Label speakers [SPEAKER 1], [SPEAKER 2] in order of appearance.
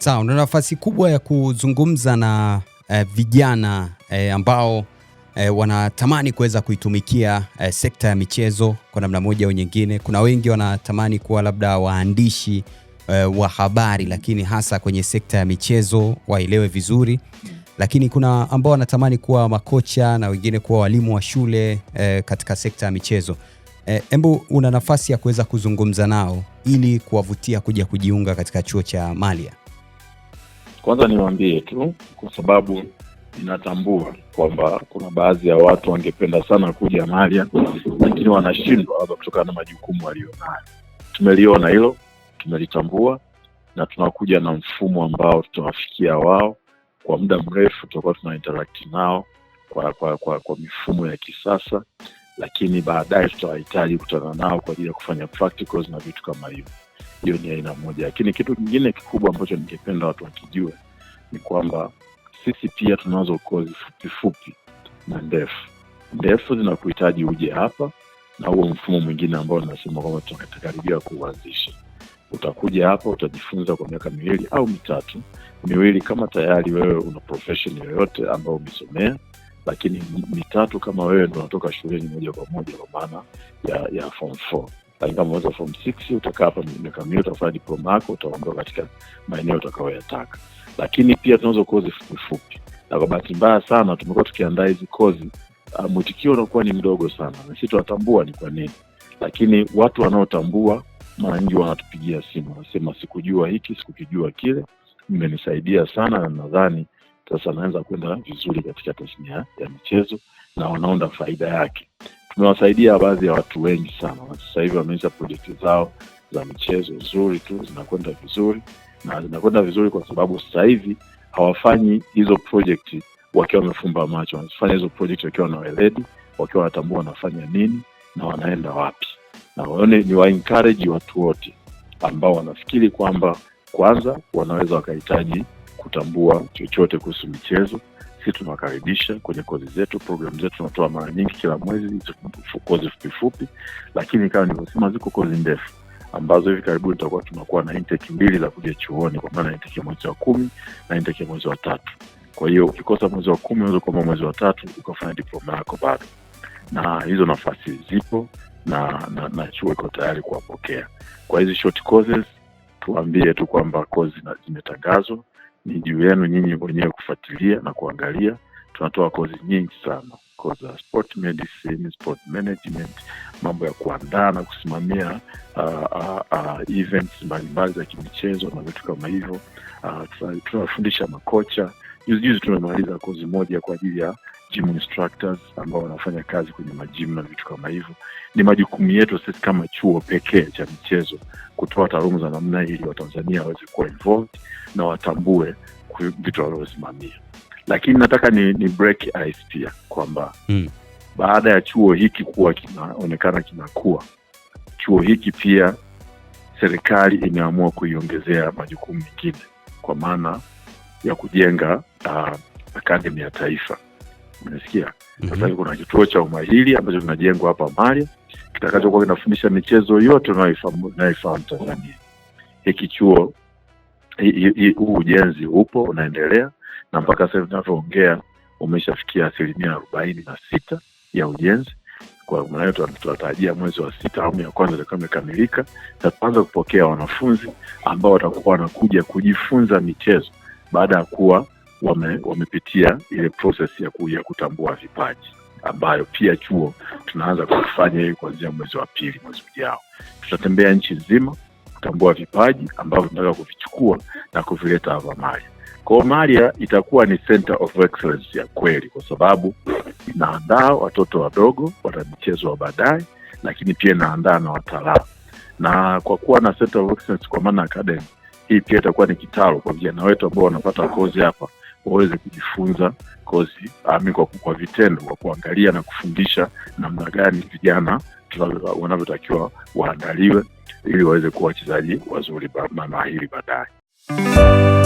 [SPEAKER 1] Sawa, una nafasi kubwa ya kuzungumza na eh, vijana eh, ambao eh, wanatamani kuweza kuitumikia eh, sekta ya michezo kwa namna moja au nyingine. Kuna wengi wanatamani kuwa labda waandishi eh, wa habari, lakini hasa kwenye sekta ya michezo waelewe vizuri, lakini kuna ambao wanatamani kuwa makocha na wengine kuwa walimu wa shule eh, katika sekta ya michezo. Hebu eh, una nafasi ya kuweza kuzungumza nao ili kuwavutia kuja kujiunga katika chuo cha Malia.
[SPEAKER 2] Kwanza niwaambie tu, kwa sababu inatambua kwamba kuna baadhi ya watu wangependa sana kuja hapa lakini wanashindwa, labda kutokana na majukumu walionayo. Tumeliona hilo, tumelitambua na tunakuja na mfumo ambao tutawafikia wao kwa muda mrefu. Tutakuwa tuna nao kwa, kwa, kwa, kwa mifumo ya kisasa, lakini baadaye tutawahitaji kukutana nao kwa ajili ya kufanya practicals na vitu kama hivyo hiyo ni aina moja, lakini kitu kingine kikubwa ambacho ningependa watu wakijue ni kwamba sisi pia tunazo kozi fupifupi na ndefu. Ndefu zinakuhitaji uje hapa na huo mfumo mwingine ambao nasema kwamba tutakaribia kuuanzisha. Utakuja hapa utajifunza kwa miaka miwili au mitatu, miwili kama tayari wewe una profeshen yoyote ambayo umesomea, lakini mitatu kama wewe ndo unatoka shuleni moja kwa moja kwa maana ya, ya form four lazima umeweza form six, utakaa hapa miaka miwili, utafanya diploma yako, utaondoka katika maeneo utakaoyataka Lakini pia tunazo kozi fupifupi, na kwa bahati mbaya sana tumekuwa tukiandaa hizi kozi ah, mwitikio unakuwa ni mdogo sana, na sisi tunatambua ni kwa nini, lakini watu wanaotambua mara nyingi wanatupigia simu, wanasema sikujua hiki, sikukijua kile, mmenisaidia sana, na nadhani sasa naweza kwenda vizuri katika tasnia ya michezo, na wanaonda faida yake tumewasaidia baadhi ya watu wengi sana. Sasa hivi wameisha projekti zao za michezo nzuri tu zinakwenda vizuri, na zinakwenda vizuri kwa sababu sasa hivi hawafanyi hizo projekti wakiwa wamefumba macho, wanafanya hizo projekti wakiwa na weledi, wakiwa wanatambua wanafanya nini na wanaenda wapi, na waone ni wa watu wote ambao wanafikiri kwamba kwanza wanaweza wakahitaji kutambua chochote kuhusu michezo sisi tunawakaribisha kwenye kozi zetu, programu zetu tunatoa mara nyingi kila mwezi kozi fupifupi, lakini kama nilivyosema, ziko kozi ndefu ambazo hivi karibuni tutakuwa tunakuwa na intake mbili za kuja chuoni, kwa maana intake ya mwezi wa kumi na intake ya mwezi wa tatu. Kwa hiyo ukikosa mwezi wa kumi unaweza kuama mwezi wa tatu ukafanya diploma yako bado, na hizo nafasi zipo na, na, na chuo iko tayari kuwapokea. Kwa hizi short courses tuambie tu kwamba kozi zimetangazwa ni juu yenu nyinyi wenyewe kufuatilia na kuangalia. Tunatoa kozi nyingi sana, kozi za sport medicine, sport management, mambo ya kuandaa na kusimamia uh, uh, uh, events mbalimbali za kimichezo na vitu kama hivyo. Uh, tunawafundisha makocha. Juzijuzi tumemaliza kozi moja kwa ajili ya gym instructors ambao wanafanya kazi kwenye majimu na vitu kama hivyo. Ni majukumu yetu sisi kama chuo pekee cha michezo kutoa taaluma za namna ili Watanzania waweze kuwa involved na watambue vitu wanavyosimamia Lakini nataka ni, ni break ice pia kwamba mm, baada ya chuo hiki kuwa kinaonekana kinakuwa, chuo hiki pia serikali imeamua kuiongezea majukumu mengine kwa maana ya kujenga uh, akademi ya taifa -hmm. Sasa kuna kituo cha umahili ambacho kinajengwa hapa Maria kitakachokuwa kinafundisha michezo yote unayoifahamu Tanzania. Hiki chuo huu ujenzi upo unaendelea, na mpaka sasa hivi tunavyoongea umeshafikia asilimia arobaini na sita ya ujenzi. Kwa maana hiyo tunatarajia mwezi wa sita awamu ya kwanza itakuwa imekamilika na tutaanza kupokea wanafunzi ambao watakuwa wanakuja kujifunza michezo baada ya kuwa wame, wamepitia ile process ya, ku, ya kutambua vipaji ambayo pia chuo tunaanza kufanya hii kuanzia mwezi wa pili, mwezi ujao. Tutatembea nchi nzima kutambua vipaji ambavyo tunataka kuvichukua na kuvileta hapa Malya. Kwa hiyo Malya itakuwa ni center of excellence ya kweli, kwa sababu inaandaa watoto wadogo wanamichezo wa baadaye, lakini pia inaandaa na wataalamu, na kwa kuwa na center of excellence, kwa maana academy hii pia itakuwa ni kitalo kwa vijana wetu ambao wanapata kozi hapa waweze kujifunza kozi ami kwa, kwa vitendo kwa kuangalia na kufundisha namna gani vijana wanavyotakiwa waandaliwe ili waweze kuwa wachezaji wazuri maana hili baadaye